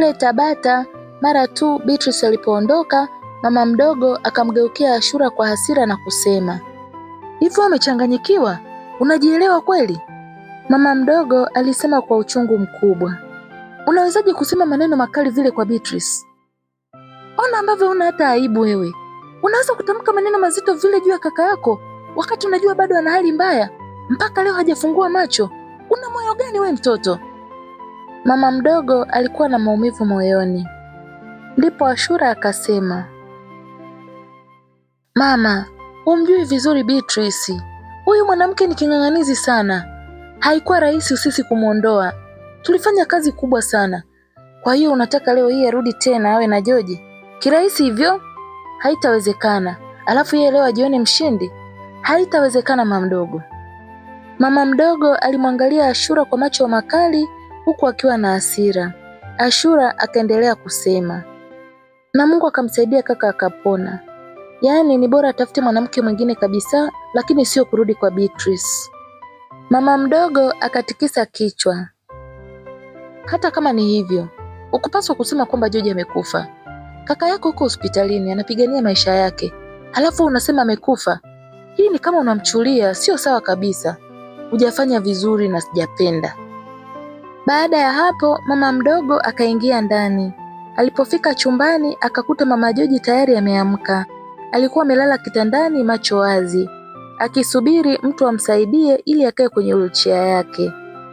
kule Tabata mara tu Beatrice alipoondoka, mama mdogo akamgeukia Ashura kwa hasira na kusema, hivyo umechanganyikiwa? Unajielewa kweli? Mama mdogo alisema kwa uchungu mkubwa, unawezaje kusema maneno makali vile kwa Beatrice? Ona ambavyo una hata aibu wewe, unaweza kutamka maneno mazito vile juu ya kaka yako wakati unajua bado ana hali mbaya, mpaka leo hajafungua macho. Una moyo gani wewe mtoto? Mama mdogo alikuwa na maumivu moyoni. Ndipo Ashura akasema, mama, humjui vizuri Beatrice. Huyu mwanamke ni king'ang'anizi sana, haikuwa rahisi sisi kumwondoa, tulifanya kazi kubwa sana. Kwa hiyo unataka leo hii arudi tena awe na Joji kirahisi hivyo? Haitawezekana. Alafu yeye leo ajione mshindi? Haitawezekana mama mdogo. Mama mdogo alimwangalia Ashura kwa macho makali huku akiwa na hasira. Ashura akaendelea kusema, na Mungu akamsaidia kaka akapona. Yaani ni bora atafute mwanamke mwingine kabisa, lakini sio kurudi kwa Beatrice. Mama mdogo akatikisa kichwa. Hata kama ni hivyo, ukupaswa kusema kwamba George amekufa. Kaka yako huko hospitalini anapigania maisha yake, alafu unasema amekufa. Hii ni kama unamchulia, sio sawa kabisa. Hujafanya vizuri na sijapenda. Baada ya hapo mama mdogo akaingia ndani. Alipofika chumbani akakuta mama Joji tayari ameamka. Alikuwa amelala kitandani macho wazi, akisubiri mtu amsaidie ili akae kwenye wheelchair yake,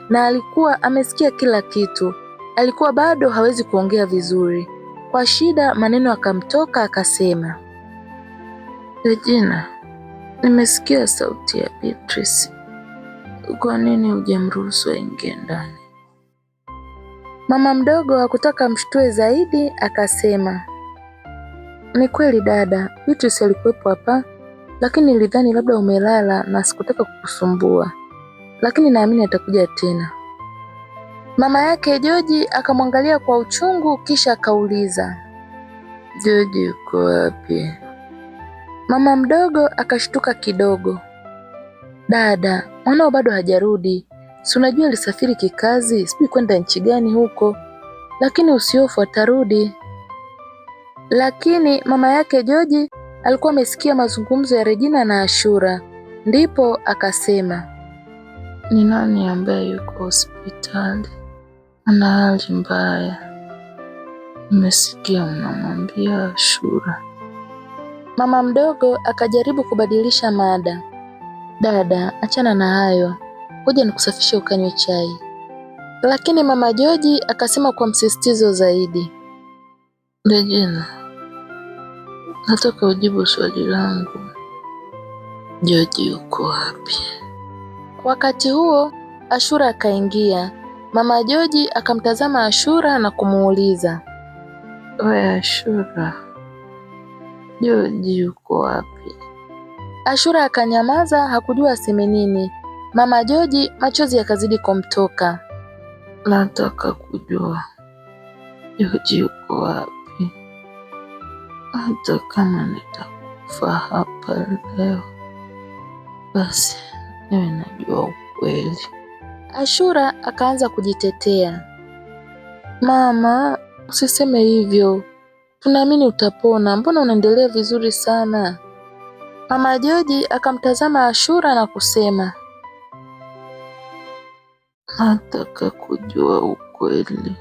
na alikuwa amesikia kila kitu. Alikuwa bado hawezi kuongea vizuri, kwa shida maneno akamtoka, akasema, Regina, nimesikia sauti ya Beatrice. Kwa nini hujamruhusu aingie ndani? Mama mdogo hakutaka mshtue zaidi akasema, ni kweli dada, Beatrice alikuwepo hapa, lakini nilidhani labda umelala na sikutaka kukusumbua, lakini naamini atakuja tena. Mama yake Joji akamwangalia kwa uchungu, kisha akauliza, Joji yuko wapi? Mama mdogo akashtuka kidogo, dada, mwanao bado hajarudi, si unajua alisafiri kikazi, sijui kwenda nchi gani huko, lakini usiofu atarudi. Lakini mama yake Joji alikuwa amesikia mazungumzo ya Regina na Ashura, ndipo akasema, ni nani ambaye yuko hospitali ana hali mbaya? Nimesikia unamwambia Ashura. Mama mdogo akajaribu kubadilisha mada, dada, achana na hayo ngoja nikusafishe ukanywe chai. Lakini mama Joji akasema kwa msisitizo zaidi, Regina, nataka ujibu swali langu, Joji yuko wapi? Wakati huo Ashura akaingia. Mama Joji akamtazama Ashura na kumuuliza, we Ashura, Joji yuko wapi? Ashura akanyamaza, hakujua aseme nini. Mama Joji machozi yakazidi kumtoka. Nataka kujua joji yuko wapi, hata kama nitakufa hapa leo, basi niwe najua ukweli. Ashura akaanza kujitetea. Mama, usiseme hivyo, tunaamini utapona, mbona unaendelea vizuri sana? Mama Joji akamtazama Ashura na kusema nataka kujua ukweli.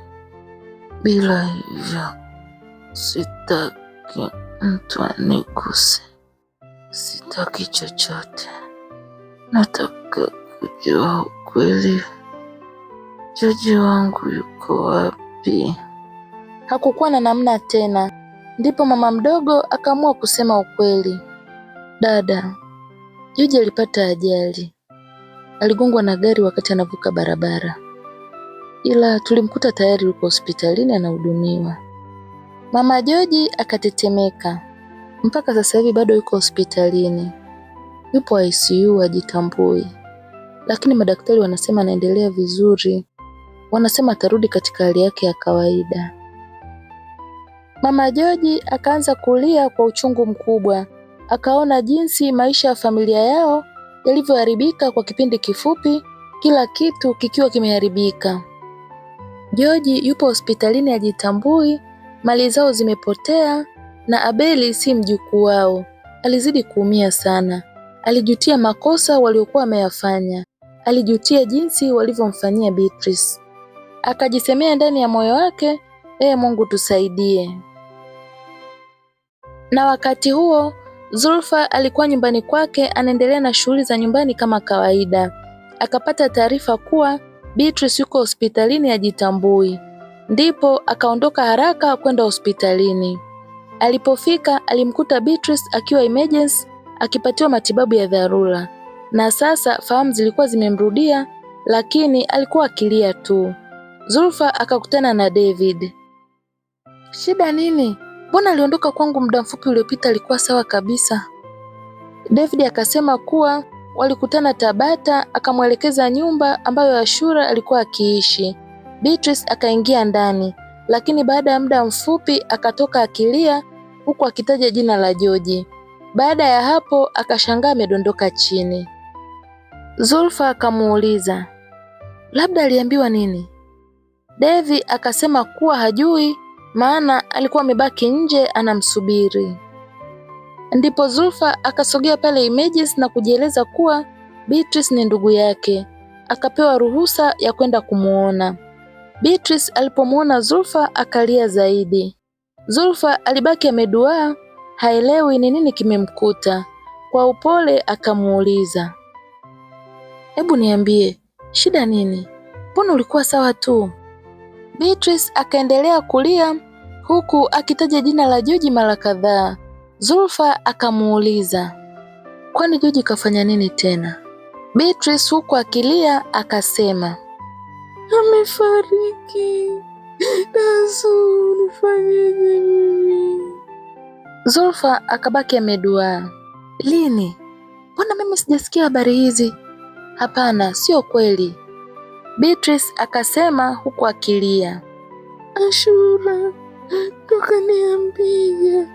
Bila hivyo, sitaki mtu aniguse, sitaki chochote. Nataka kujua ukweli. jaji wangu yuko wapi? Hakukuwa na namna tena, ndipo mama mdogo akaamua kusema ukweli. Dada, juji alipata ajali, Aligongwa na gari wakati anavuka barabara, ila tulimkuta tayari yuko hospitalini anahudumiwa. Mama Joji akatetemeka. Mpaka sasa hivi bado yuko hospitalini, yupo ICU, ajitambui, lakini madaktari wanasema anaendelea vizuri, wanasema atarudi katika hali yake ya kawaida. Mama Joji akaanza kulia kwa uchungu mkubwa, akaona jinsi maisha ya familia yao yalivyoharibika kwa kipindi kifupi, kila kitu kikiwa kimeharibika. George yupo hospitalini ajitambui, mali zao zimepotea na Abeli si mjukuu wao. Alizidi kuumia sana. Alijutia makosa waliokuwa wameyafanya. Alijutia jinsi walivyomfanyia Beatrice. Akajisemea ndani ya moyo wake, Ee Mungu tusaidie. Na wakati huo Zulfa alikuwa nyumbani kwake anaendelea na shughuli za nyumbani kama kawaida, akapata taarifa kuwa Beatrice yuko hospitalini ajitambui. ndipo akaondoka haraka kwenda hospitalini. Alipofika alimkuta Beatrice akiwa emergency akipatiwa matibabu ya dharura, na sasa fahamu zilikuwa zimemrudia, lakini alikuwa akilia tu. Zulfa akakutana na David. Shida nini? Mbona aliondoka kwangu muda mfupi uliopita, alikuwa sawa kabisa. David akasema kuwa walikutana Tabata, akamwelekeza nyumba ambayo Ashura alikuwa akiishi. Beatrice akaingia ndani, lakini baada ya muda mfupi akatoka akilia, huku akitaja jina la Joji. Baada ya hapo akashangaa amedondoka chini. Zulfa akamuuliza labda aliambiwa nini. Devi akasema kuwa hajui maana alikuwa amebaki nje anamsubiri. Ndipo Zulfa akasogea pale Images na kujieleza kuwa Beatrice ni ndugu yake, akapewa ruhusa ya kwenda kumwona. Beatrice alipomwona Zulfa akalia zaidi. Zulfa alibaki ameduaa, haelewi ni nini kimemkuta. Kwa upole akamuuliza, hebu niambie shida nini? Mbona ulikuwa sawa tu? Beatrice akaendelea kulia huku akitaja jina la Joji mara kadhaa. Zulfa akamuuliza, kwani Joji kafanya nini tena? Beatrice huku akilia akasema, amefariki Dasu, nifanyeje mimi? Zulfa akabaki ameduaa. Lini? Mbona mimi sijasikia habari hizi? Hapana, sio kweli, Beatrice akasema huku akilia. Ashura toka niambie.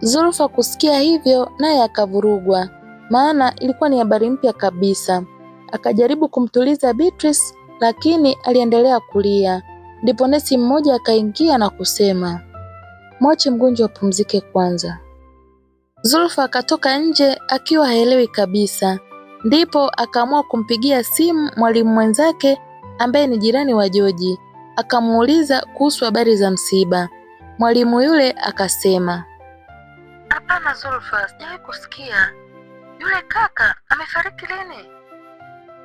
Zulfa kusikia hivyo naye akavurugwa, maana ilikuwa ni habari mpya kabisa. Akajaribu kumtuliza Beatrice lakini aliendelea kulia. Ndipo nesi mmoja akaingia na kusema, mwache mgonjwa apumzike kwanza. Zulfa akatoka nje akiwa haelewi kabisa, ndipo akaamua kumpigia simu mwalimu mwenzake ambaye ni jirani wa Joji akamuuliza kuhusu habari za msiba. Mwalimu yule akasema, hapana Zulfa, sijawahi kusikia. Yule kaka amefariki lini?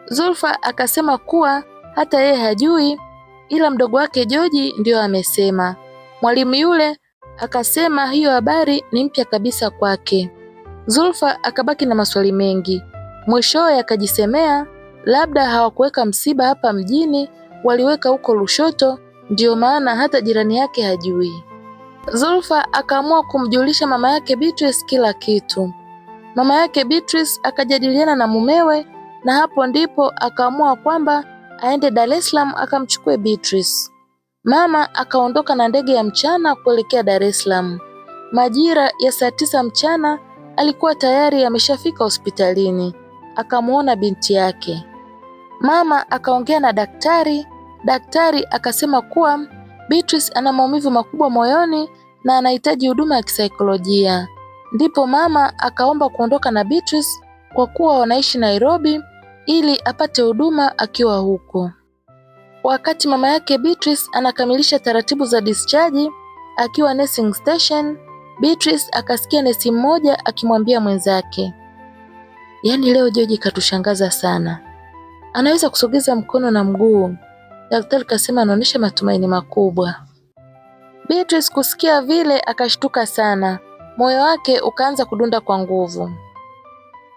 Zulfa akasema kuwa hata yeye hajui, ila mdogo wake Joji ndiyo amesema. Mwalimu yule akasema hiyo habari ni mpya kabisa kwake. Zulfa akabaki na maswali mengi, mwishowe akajisemea labda hawakuweka msiba hapa mjini waliweka huko Lushoto, ndiyo maana hata jirani yake hajui. Zulfa akaamua kumjulisha mama yake Beatrice kila kitu. Mama yake Beatrice akajadiliana na mumewe na hapo ndipo akaamua kwamba aende Dar es Salaam akamchukue Beatrice. Mama akaondoka na ndege ya mchana kuelekea Dar es Salaam. Majira ya saa tisa mchana alikuwa tayari ameshafika hospitalini, akamwona binti yake. Mama akaongea na daktari Daktari akasema kuwa Beatrice ana maumivu makubwa moyoni na anahitaji huduma ya kisaikolojia. Ndipo mama akaomba kuondoka na Beatrice kwa kuwa wanaishi Nairobi ili apate huduma akiwa huko. Wakati mama yake Beatrice anakamilisha taratibu za discharge akiwa nursing station, Beatrice akasikia nesi mmoja akimwambia mwenzake, yaani leo George katushangaza sana, anaweza kusogeza mkono na mguu Daktari kasema anaonyesha matumaini makubwa. Beatrice kusikia vile akashtuka sana, moyo wake ukaanza kudunda kwa nguvu.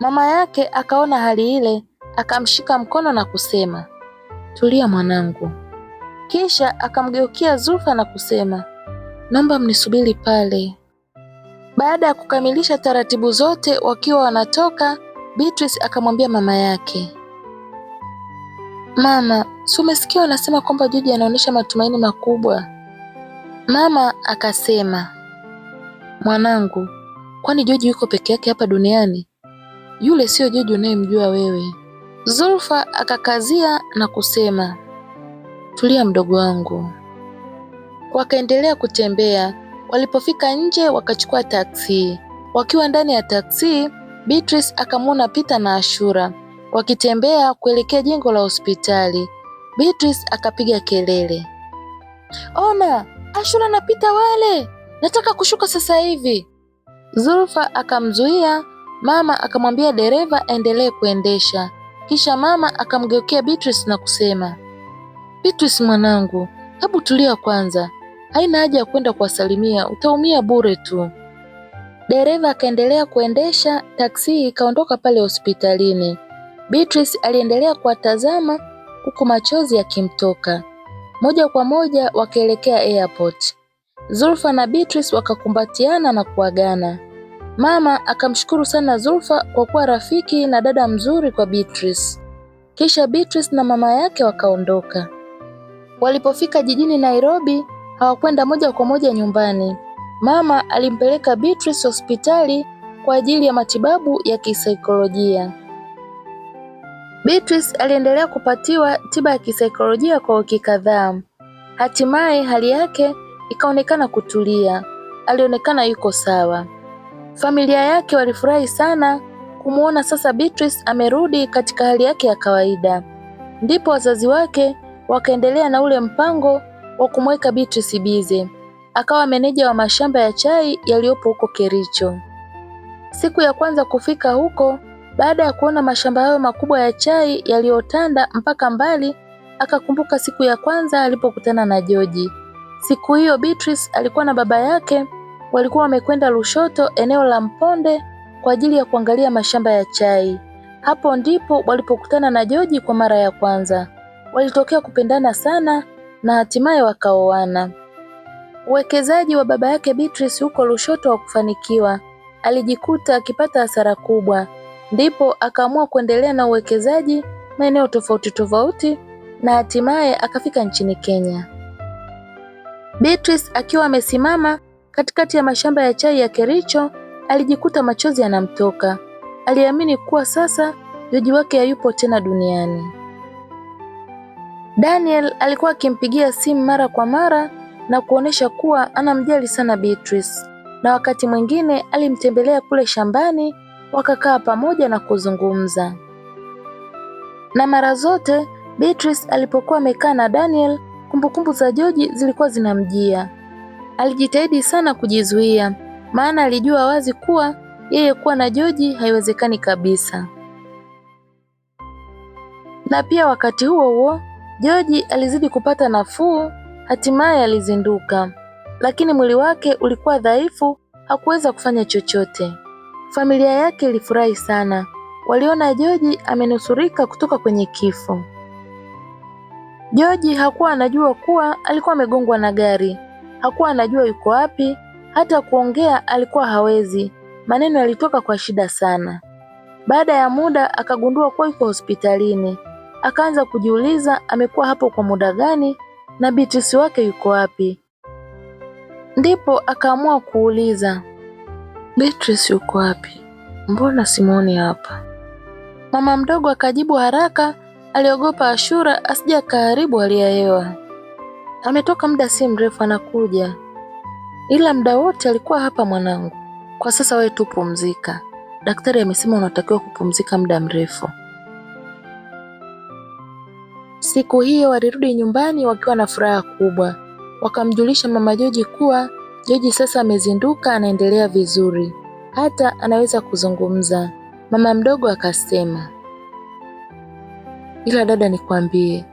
Mama yake akaona hali ile, akamshika mkono na kusema, tulia mwanangu. Kisha akamgeukia Zulfa na kusema, naomba mnisubiri pale. Baada ya kukamilisha taratibu zote, wakiwa wanatoka, Beatrice akamwambia mama yake Mama, si umesikia wanasema kwamba Joji anaonyesha matumaini makubwa? Mama akasema, mwanangu, kwani Joji yuko peke yake hapa duniani? Yule sio Joji unayemjua wewe. Zulfa akakazia na kusema, tulia mdogo wangu. Wakaendelea kutembea. Walipofika nje, wakachukua taksi. Wakiwa ndani ya taksi, Beatrice akamwona Pita na Ashura wakitembea kuelekea jengo la hospitali. Beatrice akapiga kelele, ona Ashura anapita wale, nataka kushuka sasa hivi. Zulfa akamzuia. Mama akamwambia dereva aendelee kuendesha, kisha mama akamgeukea Beatrice na kusema, Beatrice mwanangu, hebu tulia kwanza, haina haja ya kwenda kuwasalimia, utaumia bure tu. Dereva akaendelea kuendesha, taksi ikaondoka pale hospitalini. Beatrice aliendelea kuwatazama huku machozi yakimtoka. Moja kwa moja wakaelekea airport. Zulfa na Beatrice wakakumbatiana na kuagana. Mama akamshukuru sana Zulfa kwa kuwa rafiki na dada mzuri kwa Beatrice. Kisha Beatrice na mama yake wakaondoka. Walipofika jijini Nairobi, hawakwenda moja kwa moja nyumbani. Mama alimpeleka Beatrice hospitali kwa ajili ya matibabu ya kisaikolojia. Beatrice aliendelea kupatiwa tiba ya kisaikolojia kwa wiki kadhaa. Hatimaye hali yake ikaonekana kutulia, alionekana yuko sawa. Familia yake walifurahi sana kumwona sasa Beatrice amerudi katika hali yake ya kawaida. Ndipo wazazi wake wakaendelea na ule mpango wa kumweka Beatrice bize, akawa meneja wa mashamba ya chai yaliyopo huko Kericho. Siku ya kwanza kufika huko baada ya kuona mashamba hayo makubwa ya chai yaliyotanda mpaka mbali, akakumbuka siku ya kwanza alipokutana na joji Siku hiyo Beatrice alikuwa na baba yake, walikuwa wamekwenda Lushoto, eneo la Mponde, kwa ajili ya kuangalia mashamba ya chai. Hapo ndipo walipokutana na joji kwa mara ya kwanza. Walitokea kupendana sana na hatimaye wakaoana. Uwekezaji wa baba yake Beatrice huko Lushoto kufanikiwa alijikuta akipata hasara kubwa ndipo akaamua kuendelea na uwekezaji maeneo tofauti tofauti na hatimaye akafika nchini Kenya. Beatrice akiwa amesimama katikati ya mashamba ya chai ya Kericho, alijikuta machozi yanamtoka. Aliamini kuwa sasa Joji wake hayupo tena duniani. Daniel alikuwa akimpigia simu mara kwa mara na kuonesha kuwa anamjali sana Beatrice, na wakati mwingine alimtembelea kule shambani wakakaa pamoja na kuzungumza. Na mara zote Beatrice alipokuwa amekaa na Daniel, kumbukumbu za George zilikuwa zinamjia. Alijitahidi sana kujizuia, maana alijua wazi kuwa yeye kuwa na George haiwezekani kabisa. Na pia wakati huo huo George alizidi kupata nafuu, hatimaye alizinduka, lakini mwili wake ulikuwa dhaifu, hakuweza kufanya chochote. Familia yake ilifurahi sana, waliona Joji amenusurika kutoka kwenye kifo. Joji hakuwa anajua kuwa alikuwa amegongwa na gari, hakuwa anajua yuko wapi, hata kuongea alikuwa hawezi, maneno yalitoka kwa shida sana. Baada ya muda akagundua kuwa yuko hospitalini, akaanza kujiuliza amekuwa hapo kwa muda gani na Beatrice wake yuko wapi. Ndipo akaamua kuuliza Beatrice yuko wapi? Mbona simuoni hapa? Mama mdogo akajibu haraka, aliogopa Ashura asija akaharibu aliyaewa. Ametoka muda si mrefu, anakuja, ila muda wote alikuwa hapa mwanangu. Kwa sasa wewe tu pumzika, daktari amesema unatakiwa kupumzika muda mrefu. Siku hiyo walirudi nyumbani wakiwa na furaha kubwa, wakamjulisha mama Joji kuwa joji sasa amezinduka, anaendelea vizuri, hata anaweza kuzungumza. Mama mdogo akasema, ila dada, nikwambie,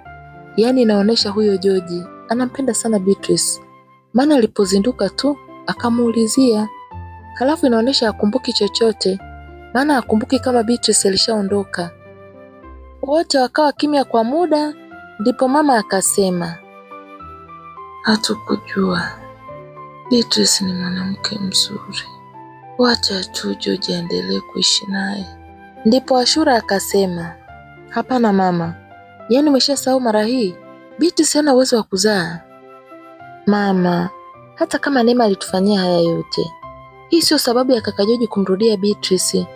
yaani inaonyesha huyo joji anampenda sana Beatrice, maana alipozinduka tu akamuulizia, halafu inaonyesha akumbuki chochote, maana akumbuki kama Beatrice alishaondoka. Wote wakawa kimya kwa muda, ndipo mama akasema, hatukujua Beatrice ni mwanamke mzuri, wacha tuje aendelee kuishi naye. Ndipo Ashura akasema, hapana mama, yaani umeshasahau mara hii, Beatrice hana uwezo wa kuzaa. Mama, hata kama Neema alitufanyia haya yote, hii sio sababu ya kaka Joji kumrudia Beatrice.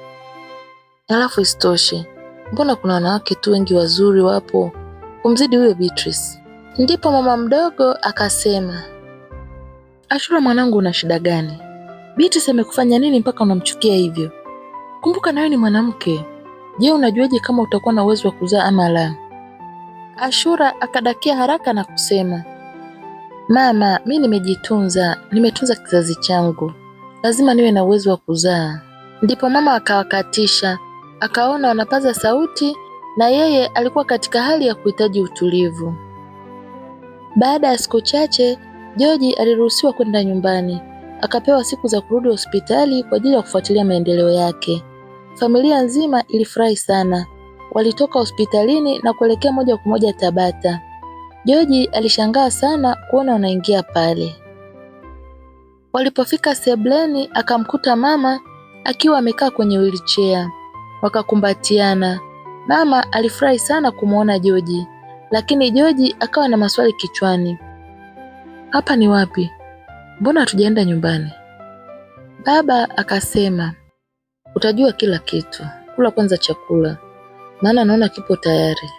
Alafu isitoshe, mbona kuna wanawake tu wengi wazuri wapo kumzidi huyo Beatrice? Ndipo mama mdogo akasema Ashura mwanangu, una shida gani? Binti amekufanya nini mpaka unamchukia hivyo? Kumbuka nawe ni mwanamke. Je, unajuaje kama utakuwa na uwezo wa kuzaa ama la? Ashura akadakia haraka na kusema, mama, mi nimejitunza, nimetunza kizazi changu, lazima niwe na uwezo wa kuzaa. Ndipo mama akawakatisha, akaona wanapaza sauti na yeye alikuwa katika hali ya kuhitaji utulivu. Baada ya siku chache George aliruhusiwa kwenda nyumbani, akapewa siku za kurudi hospitali kwa ajili ya kufuatilia maendeleo yake. Familia nzima ilifurahi sana. Walitoka hospitalini na kuelekea moja kwa moja Tabata. George alishangaa sana kuona wanaingia pale. Walipofika sebleni, akamkuta mama akiwa amekaa kwenye wheelchair. Wakakumbatiana. Mama alifurahi sana kumwona George, lakini George akawa na maswali kichwani hapa ni wapi? Mbona hatujaenda nyumbani? Baba akasema, utajua kila kitu, kula kwanza chakula, maana naona kipo tayari.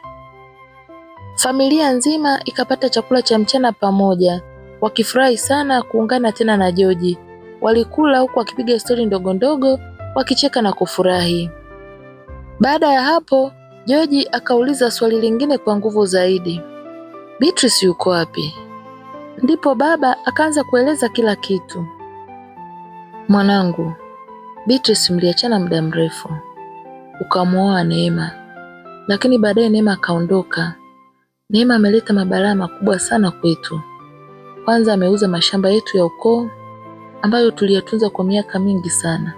Familia nzima ikapata chakula cha mchana pamoja, wakifurahi sana kuungana tena na Joji. Walikula huku wakipiga stori ndogo ndogo, wakicheka na kufurahi. Baada ya hapo, Joji akauliza swali lingine kwa nguvu zaidi, Beatrice yuko wapi? Ndipo baba akaanza kueleza kila kitu. Mwanangu, Beatrice mliachana muda mrefu, ukamwoa Neema, lakini baadaye Neema akaondoka. Neema ameleta mabalaa makubwa sana kwetu. Kwanza ameuza mashamba yetu ya ukoo ambayo tuliyatunza kwa miaka mingi sana.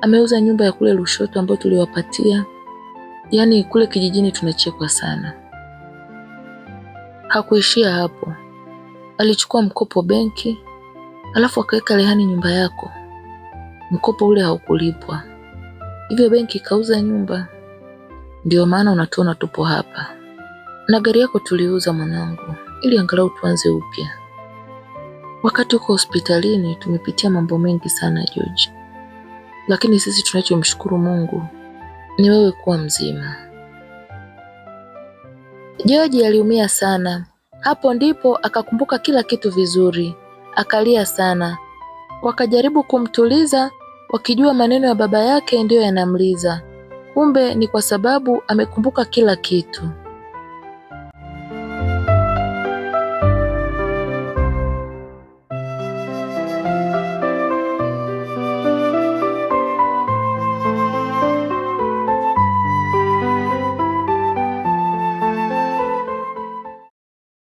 Ameuza nyumba ya kule Lushoto ambayo tuliwapatia, yaani kule kijijini tunachekwa sana. Hakuishia hapo, alichukua mkopo benki, alafu akaweka rehani nyumba yako, mkopo ule haukulipwa, hivyo benki ikauza nyumba. Ndio maana unatuona tupo hapa, na gari yako tuliuza mwanangu, ili angalau tuanze upya. Wakati uko hospitalini tumepitia mambo mengi sana George, lakini sisi tunachomshukuru Mungu ni wewe kuwa mzima. George aliumia sana hapo ndipo akakumbuka kila kitu vizuri, akalia sana. Wakajaribu kumtuliza, wakijua maneno ya baba yake ndiyo yanamliza, kumbe ni kwa sababu amekumbuka kila kitu.